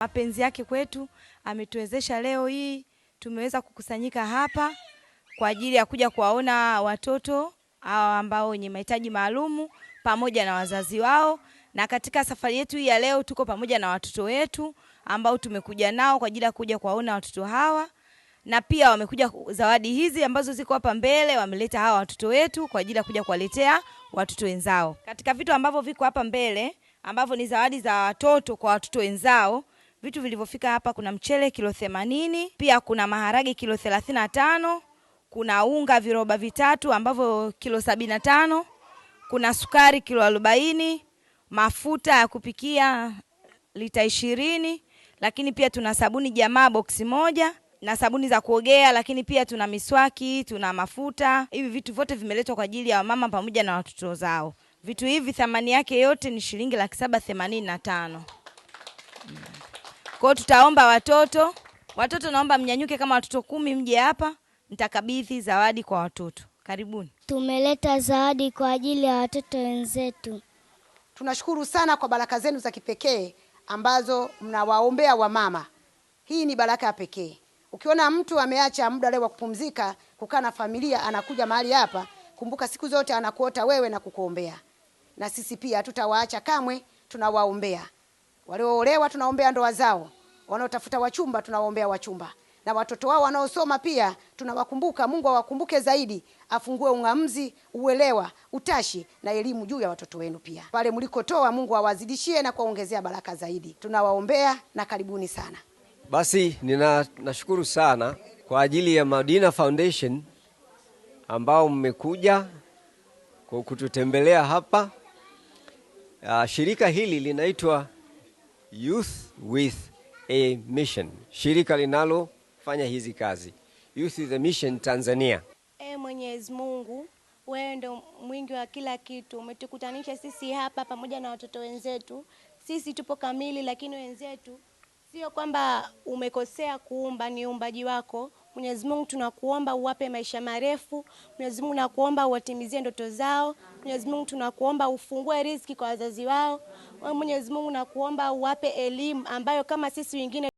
mapenzi yake kwetu, ametuwezesha leo hii tumeweza kukusanyika hapa kwa ajili ya kuja kuwaona watoto hawa ambao wenye mahitaji maalumu pamoja na wazazi wao. Na katika safari yetu hii ya leo tuko pamoja na watoto wetu ambao tumekuja nao kwa ajili ya kuja kuwaona watoto hawa, na pia wamekuja zawadi hizi ambazo ziko hapa mbele, wameleta hawa watoto wetu kwa ajili ya kuja kuwaletea watoto wenzao. Katika vitu ambavyo viko hapa mbele ambavyo ni zawadi za watoto kwa watoto wenzao Vitu vilivyofika hapa kuna mchele kilo themanini, pia kuna maharage kilo thelathini na tano, kuna unga viroba vitatu ambavyo kilo sabini na tano, kuna sukari kilo arobaini, mafuta ya kupikia lita ishirini, lakini pia tuna sabuni jamaa boksi moja na sabuni za kuogea, lakini pia tuna miswaki, tuna mafuta. Hivi vitu vyote vimeletwa kwa ajili ya wamama pamoja na watoto zao. Vitu hivi thamani yake yote ni shilingi laki saba themanini na tano. Kwa tutaomba watoto, watoto naomba mnyanyuke kama watoto kumi, mje hapa mtakabidhi zawadi kwa watoto. Karibuni. Tumeleta zawadi kwa ajili ya watoto wenzetu. Tunashukuru sana kwa baraka zenu za kipekee ambazo mnawaombea wamama. Hii ni baraka ya pekee. Ukiona mtu ameacha muda leo wa kupumzika, kukaa na familia, anakuja mahali hapa, kumbuka siku zote anakuota wewe na kukuombea. Na sisi pia tutawaacha kamwe, tunawaombea walioolewa, tunaombea ndoa zao wanaotafuta wachumba tunawaombea wachumba na watoto wao wanaosoma pia tunawakumbuka. Mungu awakumbuke zaidi, afungue ung'amzi, uelewa, utashi na elimu juu ya watoto wenu pia. Pale mlikotoa, Mungu awazidishie na kuwaongezea baraka zaidi. Tunawaombea na karibuni sana. Basi nina nashukuru sana kwa ajili ya Madina Foundation ambao mmekuja kwa kututembelea hapa. Uh, shirika hili linaitwa Youth with a Mission, shirika linalofanya hizi kazi Youth is a Mission Tanzania. E, Mwenyezi Mungu wewe ndo mwingi wa kila kitu, umetukutanisha sisi hapa pamoja na watoto wenzetu. Sisi tupo kamili, lakini wenzetu sio kwamba umekosea kuumba, ni uumbaji wako Mwenyezi Mungu tunakuomba uwape maisha marefu. Mwenyezi Mungu nakuomba uwatimizie ndoto zao. Mwenyezi Mungu tunakuomba ufungue riziki kwa wazazi wao. Mwenyezi Mungu nakuomba uwape elimu ambayo kama sisi wengine